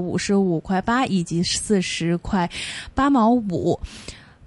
五十五塊八，以及四十塊八毛五。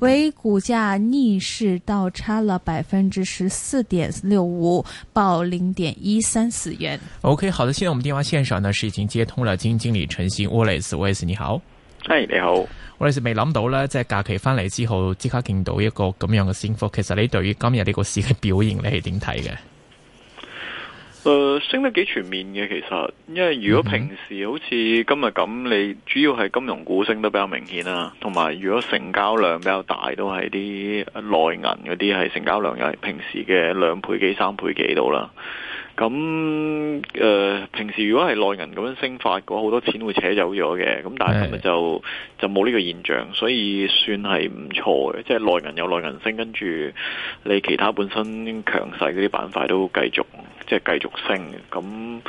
為股價逆勢倒差了百分之十四點六五，報零點一三四元。OK，好的，現在我們電話線上呢是已經接通了，基金經理陳昕，Wallace，Wallace 你好。嗨，你好我哋 l 未諗到呢，即係假期翻嚟之後，即刻見到一個咁樣嘅升幅。其實你對於今日呢個市嘅表現，你係點睇嘅？誒、呃，升得幾全面嘅其實，因為如果平時好似今日咁，你主要係金融股升得比較明顯啦，同埋如果成交量比較大，都係啲內銀嗰啲係成交量又係平時嘅兩倍幾、三倍幾度啦。咁誒、呃，平時如果係內銀咁樣升發嘅話，好多錢會扯走咗嘅。咁但係今日就就冇呢個現象，所以算係唔錯嘅。即係內銀有內銀升，跟住你其他本身強勢嗰啲板塊都繼續即係繼續升。咁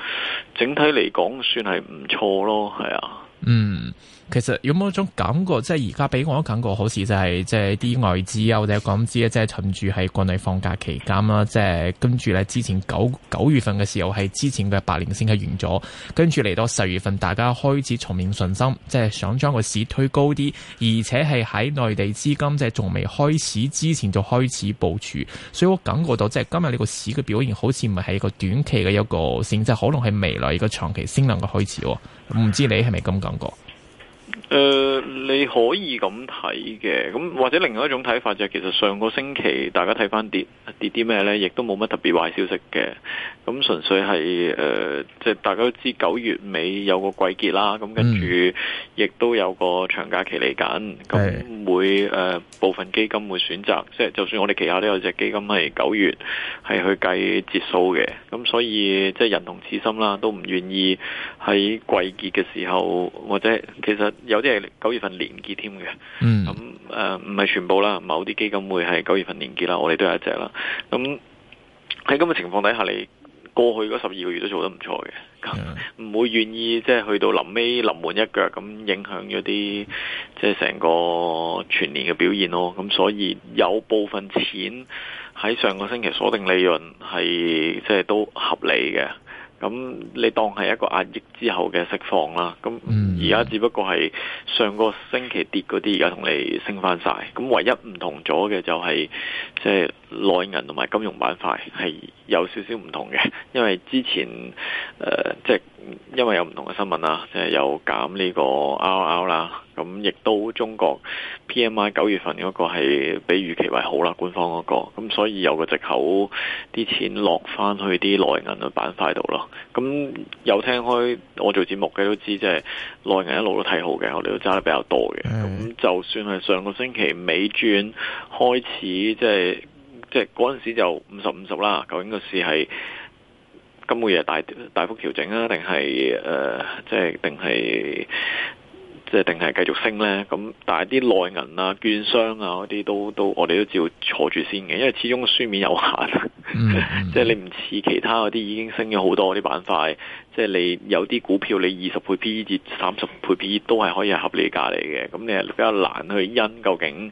整體嚟講，算係唔錯咯，係啊。嗯，其實有冇一種感覺，即係而家俾我感覺好似就係，即係啲外資啊或者港資咧，即係趁住喺國內放假期間啦，即係跟住咧之前九九月份嘅時候，係之前嘅八年先係完咗，跟住嚟到十月份，大家開始重燃信心，即係想將個市推高啲，而且係喺內地資金即係仲未開始之前就開始部署，所以我感覺到即係今日呢個市嘅表現，好似唔係一個短期嘅一個升，即係可能係未來一個長期升能嘅開始啊。唔知你係咪咁感覺？誒、呃，你可以咁睇嘅，咁或者另外一種睇法就係、是，其實上個星期大家睇翻跌跌啲咩咧，亦都冇乜特別壞消息嘅，咁純粹係誒，即係大家都知九月尾有個季結啦，咁跟住亦都有個長假期嚟緊，咁會誒，部分基金會選擇，即、就、係、是、就算我哋旗下都有隻基金係九月係去計折數嘅，咁所以即係、就是、人同此心啦，都唔願意喺季結嘅時候或者其實有。即係九月份年結添嘅，咁誒唔係全部啦，某啲基金會係九月份年結啦，我哋都有一隻啦。咁喺咁嘅情況底下，你過去嗰十二個月都做得唔錯嘅，唔、yeah. 會願意即係、就是、去到臨尾臨門一腳，咁影響咗啲即係成個全年嘅表現咯。咁、嗯、所以有部分錢喺上個星期鎖定利潤，係即係都合理嘅。咁你當係一個壓抑之後嘅釋放啦，咁而家只不過係上個星期跌嗰啲，而家同你升返曬，咁唯一唔同咗嘅就係即係內銀同埋金融板塊係有少少唔同嘅，因為之前誒即係。呃即係因為有唔同嘅新聞啦，即係有減呢個 RR 啦，咁亦都中國 P M I 九月份嗰個係比預期為好啦，官方嗰個，咁所以有個借口啲錢落翻去啲內銀嘅板塊度咯，咁有聽開我做節目嘅都知，即係內銀一路都睇好嘅，我哋都揸得比較多嘅，咁就算係上個星期尾轉開始，即係即係嗰陣時就五十五十啦，究竟個市係？今個月大大幅調整啊、呃，定係誒，即係定係即係定係繼續升咧？咁但係啲內銀啊、券商啊嗰啲都都，我哋都照坐住先嘅，因為始終書面有限，mm -hmm. 即係你唔似其他嗰啲已經升咗好多嗰啲板塊。即係你有啲股票，你二十倍 P 至三十倍 P 都係可以係合理價嚟嘅。咁你係比較難去因究竟，誒、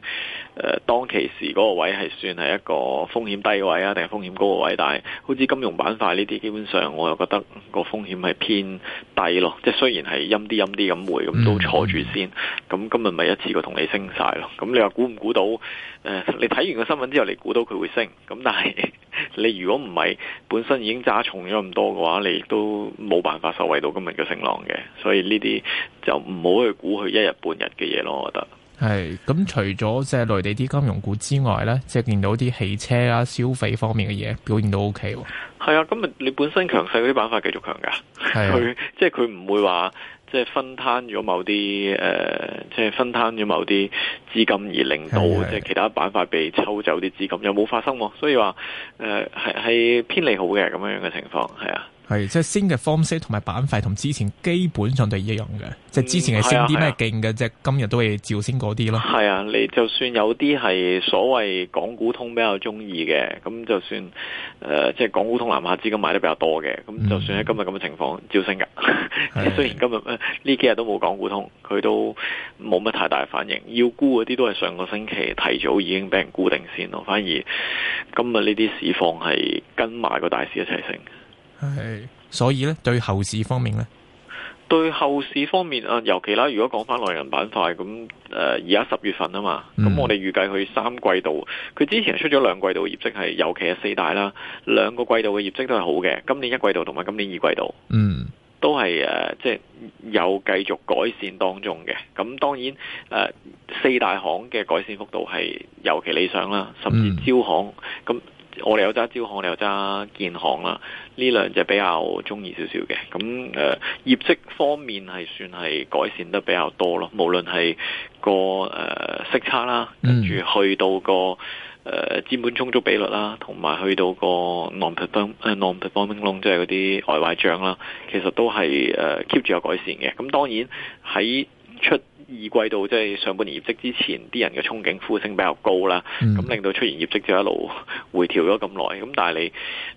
呃、當其時嗰個位係算係一個風險低位啊，定係風險高嘅位？但係好似金融板塊呢啲，基本上我又覺得個風險係偏低咯。即係雖然係陰啲陰啲咁回，咁都坐住先。咁今日咪一次過同你升晒咯。咁你話估唔估到？呃、你睇完個新聞之後，你估到佢會升。咁但係 你如果唔係本身已經揸重咗咁多嘅話，你都～冇辦法受惠到今日嘅升浪嘅，所以呢啲就唔好去估佢一日半日嘅嘢咯。我覺得係咁，除咗即係內地啲金融股之外呢，即係見到啲汽車呀、啊、消費方面嘅嘢表現都 OK 喎。係啊，咁你本身強勢嗰啲板塊繼續強噶，係即係佢唔會話即係分攤咗某啲即係分攤咗某啲資金而令到即係其他板塊被抽走啲資金，又冇發生，所以話係、呃、偏利好嘅咁樣嘅情況係啊。係，即係升嘅方式同埋板塊，同之前基本上都係一樣嘅。即係之前係升啲咩勁嘅，即、嗯、係、啊啊、今日都係照升嗰啲咯。係啊，你就算有啲係所謂港股通比較中意嘅，咁就算誒、呃，即係港股通南下資金買得比較多嘅，咁就算喺今日咁嘅情況，照升噶。雖然今日呢、啊啊、幾日都冇港股通，佢都冇乜太大反應。要估嗰啲都係上個星期提早已經俾人估定先咯，反而今日呢啲市況係跟埋個大市一齊升。係，所以咧，對後市方面咧，對後市方面，啊，尤其啦，如果講翻內銀板塊咁，誒、呃，而家十月份啊嘛，咁、嗯、我哋預計佢三季度，佢之前出咗兩季度業績係，尤其係四大啦，兩個季度嘅業績都係好嘅，今年一季度同埋今年二季度，嗯，都係誒、呃，即係有繼續改善當中嘅，咁當然誒、呃，四大行嘅改善幅度係尤其理想啦，甚至招行咁。嗯嗯我哋有揸招行，我哋有揸建行啦，呢兩隻比較鍾意少少嘅。咁誒、呃、業績方面係算係改善得比較多囉，無論係個誒息、呃、差啦，跟住去到個誒資、呃、本充足比率啦，同埋去到個 non-performing、呃、non-performing loan 即係嗰啲外壞帳啦，其實都係誒 keep 住有改善嘅。咁當然喺出二季度即係上半年業績之前，啲人嘅憧憬呼聲比較高啦，咁、嗯、令到出現業績就一路回調咗咁耐。咁但係你誒、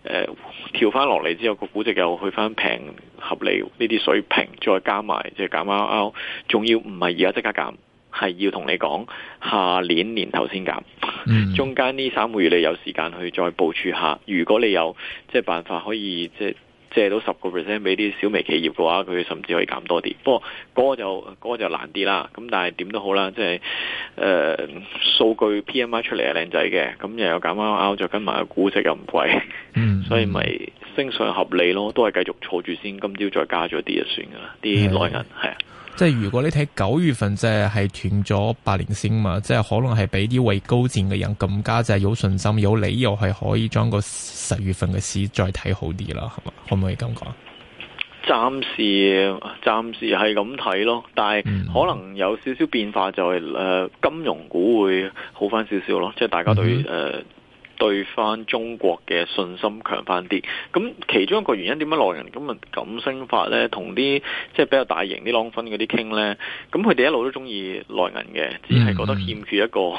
呃、調翻落嚟之後，個估值又去翻平合理呢啲水平，再加埋即係減 RRR，仲、就是、要唔係而家即刻減，係要同你講下年年頭先減、嗯。中間呢三個月你有時間去再部署下，如果你有即係、就是、辦法可以即係。就是借到十個 percent 俾啲小微企業嘅話，佢甚至可以減多啲。不過嗰個就嗰個就難啲啦。咁但係點都好啦，即係誒數據 PMI 出嚟係靚仔嘅，咁又有減啱拗，再跟埋個估值又唔貴，嗯，所以咪升上合理咯。都係繼續儲住先，今朝再加咗啲就算噶啦，啲內銀係啊。即係如果你睇九月份，即係係斷咗八年線嘛，即、就、係、是、可能係俾啲位高戰嘅人更加即係有信心、有理由係可以將個十月份嘅市再睇好啲啦，係嘛？可唔可以咁講？暫時暫時係咁睇咯，但係可能有少少變化就係、是、誒、呃，金融股會好翻少少咯，即係大家對於誒。嗯對翻中國嘅信心強翻啲，咁其中一個原因點解內銀咁啊咁升法咧，同啲即係比較大型啲 long 分嗰啲傾咧，咁佢哋一路都中意內銀嘅，只係覺得欠缺一個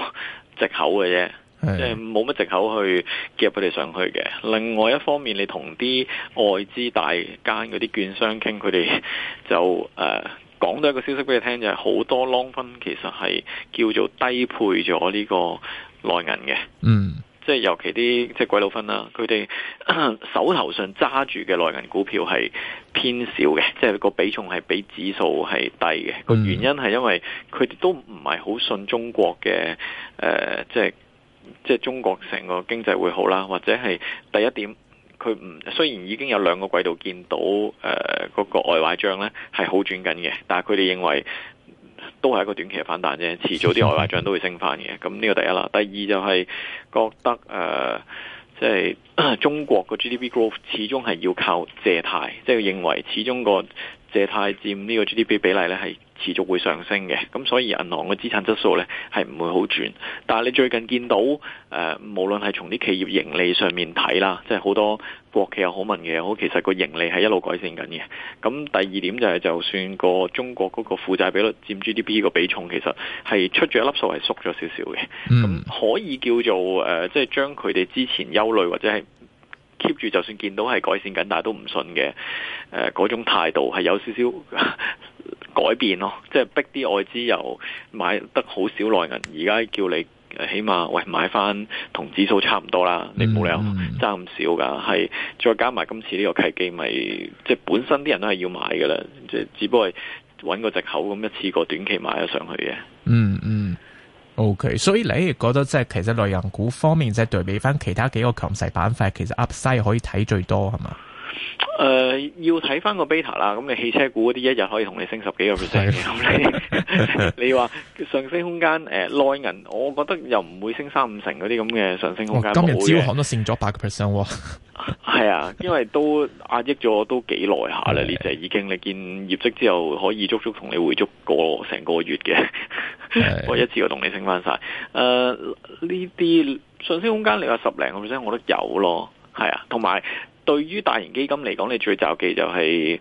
藉口嘅啫，mm -hmm. 即係冇乜藉口去夾佢哋上去嘅。Mm -hmm. 另外一方面，你同啲外資大間嗰啲券商傾，佢哋就誒、呃、講到一個消息俾你聽，就係、是、好多 long 分其實係叫做低配咗呢個內銀嘅。嗯、mm -hmm.。即、係尤其啲即係鬼佬分啦，佢哋手頭上揸住嘅內銀股票係偏少嘅，即、係個比重係比指數係低嘅。個、嗯、原因係因為佢哋都唔係好信中國嘅，即係即係中國成個經濟會好啦，或者係第一點，佢唔雖然已經有兩個季度見到誒嗰、呃那個外壞賬咧係好轉緊嘅，但係佢哋認為。都係一個短期嘅反彈啫，遲早啲外匯帳都會升翻嘅。咁呢個第一啦，第二就係覺得誒，即、呃、係、就是、中國個 GDP growth 始終係要靠借貸，即係佢認為始終個借貸佔呢個 GDP 比例咧係。持續會上升嘅，咁所以銀行嘅資產質素呢係唔會好轉。但係你最近見到誒、呃，無論係從啲企業盈利上面睇啦，即係好多國企又好，民企又好，其實個盈利係一路改善緊嘅。咁第二點就係，就算個中國嗰個負債比率佔 GDP 個比重，其實係出咗一粒數係縮咗少少嘅。咁可以叫做誒、呃，即係將佢哋之前憂慮或者係 keep 住，就算見到係改善緊，但係都唔信嘅誒嗰種態度係有少少。 改變咯，即係逼啲外資又買得好少內銀，而家叫你起碼喂買翻同指數差唔多啦，嗯，你冇理由爭咁少噶。係再加埋今次呢個契機，咪即係本身啲人都係要買噶啦，即係只不過搵個借口咁一次過短期買咗上去嘅。嗯嗯，OK，所以你覺得即係其實內銀股方面，即係對比翻其他幾個強勢板塊，其實 upside 可以睇最多係嘛？誒、呃，要睇翻個 beta 啦，咁你汽車股嗰啲一日可以同你升十幾個 percent 嘅，咁 你你話上升空間誒，內、呃、銀我覺得又唔會升三五成嗰啲咁嘅上升空間，哦。今日招行都升咗八個 percent，係啊，因為都壓抑咗都幾耐下啦，呢隻已經你見業績之後可以足足同你回足過成個月嘅， 我一次就同你升翻晒。誒、呃，呢啲上升空間你話十零個 percent 我都有咯，係啊，同埋。對於大型基金嚟講，你最着忌就係誒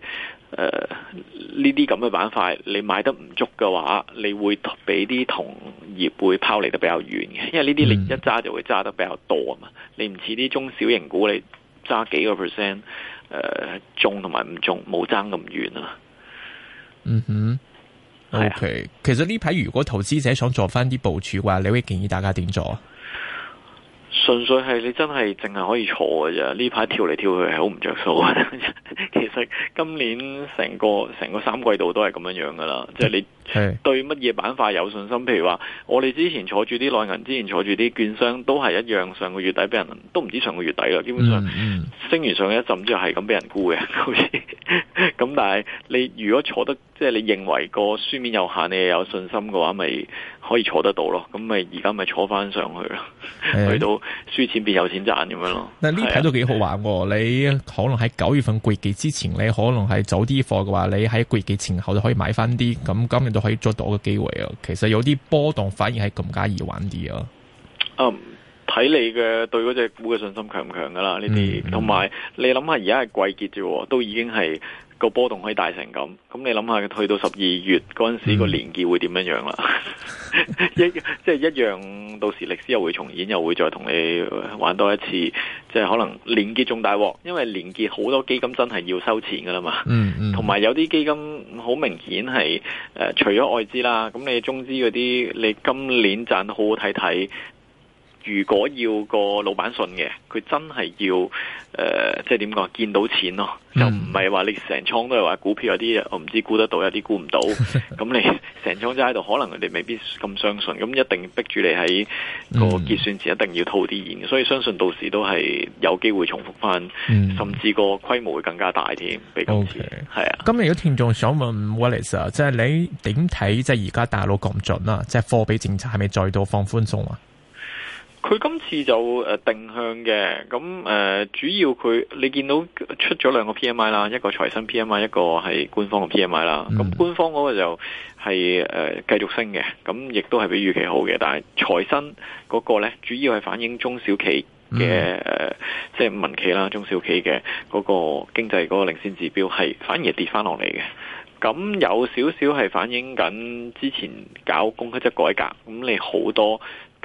呢啲咁嘅板塊，你買得唔足嘅話，你會俾啲同業會拋離得比較遠嘅，因為呢啲你一揸就會揸得比較多啊嘛、嗯。你唔似啲中小型股，你揸幾個 percent 誒、呃，中同埋唔中冇爭咁遠啊。嗯哼、啊、OK，其實呢排如果投資者想做翻啲部署嘅話，你會建議大家點做？純粹係你真係淨係可以坐㗎啫，呢排跳嚟跳去係好唔著數啊。其實今年成個成個三季度都係咁樣樣噶啦，即係你。對乜嘢板塊有信心？譬如話，我哋之前坐住啲內銀，之前坐住啲券商，都係一樣。上個月底俾人都唔知上個月底啦，基本上升完上去一陣之後係咁俾人沽嘅。好似咁、嗯、 但係你如果坐得，即、就、係、是、你認為個書面有限，你有信心嘅話，咪可以坐得到咯。咁咪而家咪坐翻上去咯、哎，去到輸錢變有錢賺咁樣咯。嗱呢排都幾好玩、啊。你可能喺九月份季結之前，你可能係早啲貨嘅話，你喺季結前後就可以買翻啲。咁咁。就可以捉到嘅機會啊！其實有啲波動反而係更加易玩啲啊！嗯，睇你嘅對嗰隻股嘅信心強唔強噶啦，呢啲同埋你諗下，而家係季節啫，都已經係。波動可以大成咁，咁你諗下，去到十二月嗰陣時個年結會點樣樣啦？Mm -hmm. 一即係、就是、一樣，到時歷史又會重演，又會再同你玩多一次。即、就、係、是、可能年結仲大鑊，因為年結好多基金真係要收錢噶啦嘛。嗯嗯，同埋有啲基金好明顯係誒，除咗外資啦，咁你中資嗰啲，你今年賺得好好睇睇。如果要個老闆信嘅，佢真係要、呃、即係點講，見到錢咯，就唔係話你成倉都係話股票有啲，我唔知估得到有啲估唔到，咁 你成倉都喺度，可能佢哋未必咁相信，咁一定逼住你喺個結算前一定要吐啲錢，嗯，所以相信到時都係有機會重複翻，嗯，甚至個規模會更加大添。O K，係啊。咁如果聽眾想問 Wallace，即係你點睇？即係而家大陸講唔準啦，即係貨幣政策係咪再度放寬鬆啊？佢今次就誒定向嘅，咁誒、呃、主要佢你見到出咗兩個 P M I 啦，一個財新 P M I，一個係官方嘅 P M I 啦。咁官方嗰個就係、是呃、繼續升嘅，咁亦都係比預期好嘅。但係財新嗰個咧，主要係反映中小企嘅誒、嗯呃，即係民企啦，中小企嘅嗰個經濟嗰個領先指標係反而跌翻落嚟嘅。咁有少少係反映緊之前搞供給側改革，咁你好多，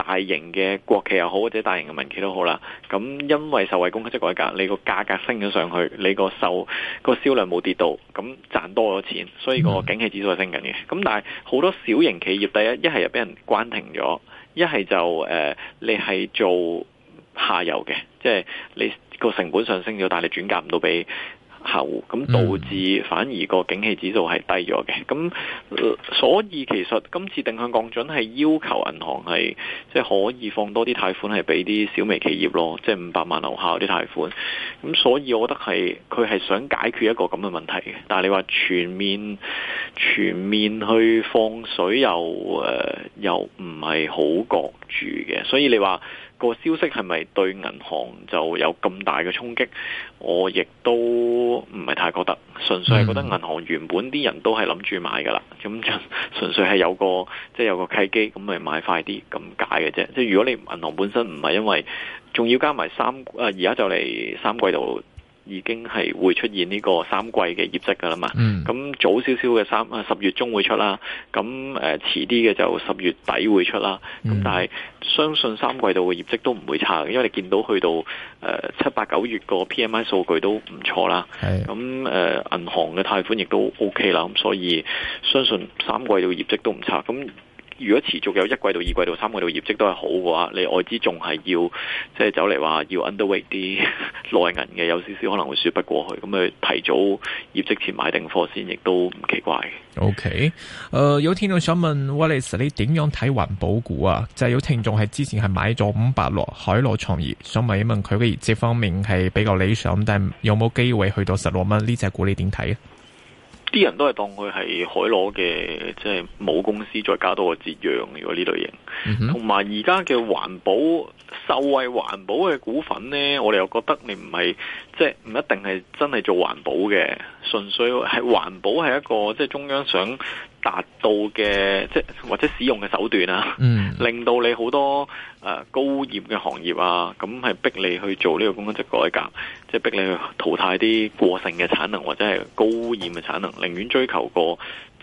大型嘅國企又好或者大型嘅民企都好啦，咁因為受惠供給側改革，你個價格升咗上去，你個售個銷量冇跌到，咁賺多咗錢，所以個景氣指數係升緊嘅。咁但係好多小型企業，第一一係又俾人關停咗，一係就、呃、你係做下游嘅，即係你個成本上升咗，但係你轉嫁唔到俾。後、嗯、咁導致反而個景氣指數係低咗嘅，咁所以其實今次定向降準係要求銀行係即係可以放多啲貸款係俾啲小微企業咯，即係五百萬樓下啲貸款。咁所以我覺得係佢係想解決一個咁嘅問題嘅。但係你話全面全面去放水又誒、呃、又唔係好覺住嘅，所以你話。個消息係咪對銀行就有咁大嘅衝擊？我亦都唔係太覺得，純粹係覺得銀行原本啲人都係諗住買㗎啦，咁純粹係有個即係、就是、有個契機，咁咪買快啲，咁解嘅啫。即係如果你銀行本身唔係因為，仲要加埋三，誒而家就嚟三季度，已經係會出現呢個三季嘅業績噶啦嘛，咁、嗯、早少少嘅三啊十月中會出啦，咁誒遲啲嘅就十月底會出啦，咁、嗯、但係相信三季度嘅業績都唔會差，因為你見到去到誒七八九月個 PMI 數據都唔錯啦，係、咁誒銀行嘅貸款亦都 OK 啦，咁所以相信三季度嘅業績都唔差。如果持續有一季度、二季度、三季度業績都係好嘅話，你外資仲係要即係走嚟話要 underweight 啲內銀嘅，有少少可能會說不過去，咁啊提早業績前買定貨先，亦都唔奇怪。OK，誒有聽眾想問 Wallace 你點樣睇環保股啊？就係、是、有聽眾係之前係買咗五百落海螺創業，想問一問佢嘅業績方面係比較理想，但係有冇機會去到十六蚊？呢隻股你點睇啊？啲人都係當佢係海螺嘅，即係母公司再加多個折讓，如果呢類型，同埋而家嘅環保、受惠環保嘅股份呢，我哋又覺得你唔係即係唔一定係真係做環保嘅，純粹係環保係一個即係中央想。達到嘅即係或者使用嘅手段啊，令到你好多誒高污染嘅行業啊，咁係逼你去做呢個供給側改革，即係逼你去淘汰啲過剩嘅產能或者係高污染嘅產能，寧願追求個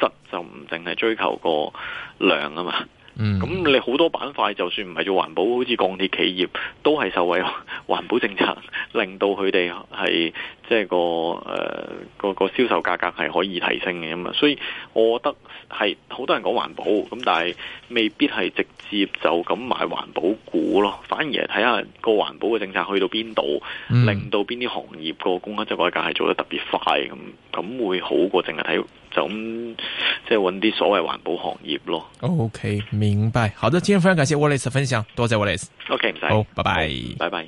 質就唔淨係追求個量啊嘛。嗯，咁你好多板塊就算唔係做環保，好似鋼鐵企業都係受惠環保政策，令到佢哋係即係個誒、呃、個個銷售價格係可以提升嘅咁啊！所以我覺得係好多人講環保，咁但係未必係直接就咁買環保股咯，反而係睇下個環保嘅政策去到邊度，令到邊啲行業個供給側改革係做得特別快，咁咁會好過淨係睇。咁，即係揾啲所謂環保行業咯。OK，明白。好的，今日非常感謝 Wallace 分享，多謝 Wallace。OK，唔使好，拜拜，拜拜。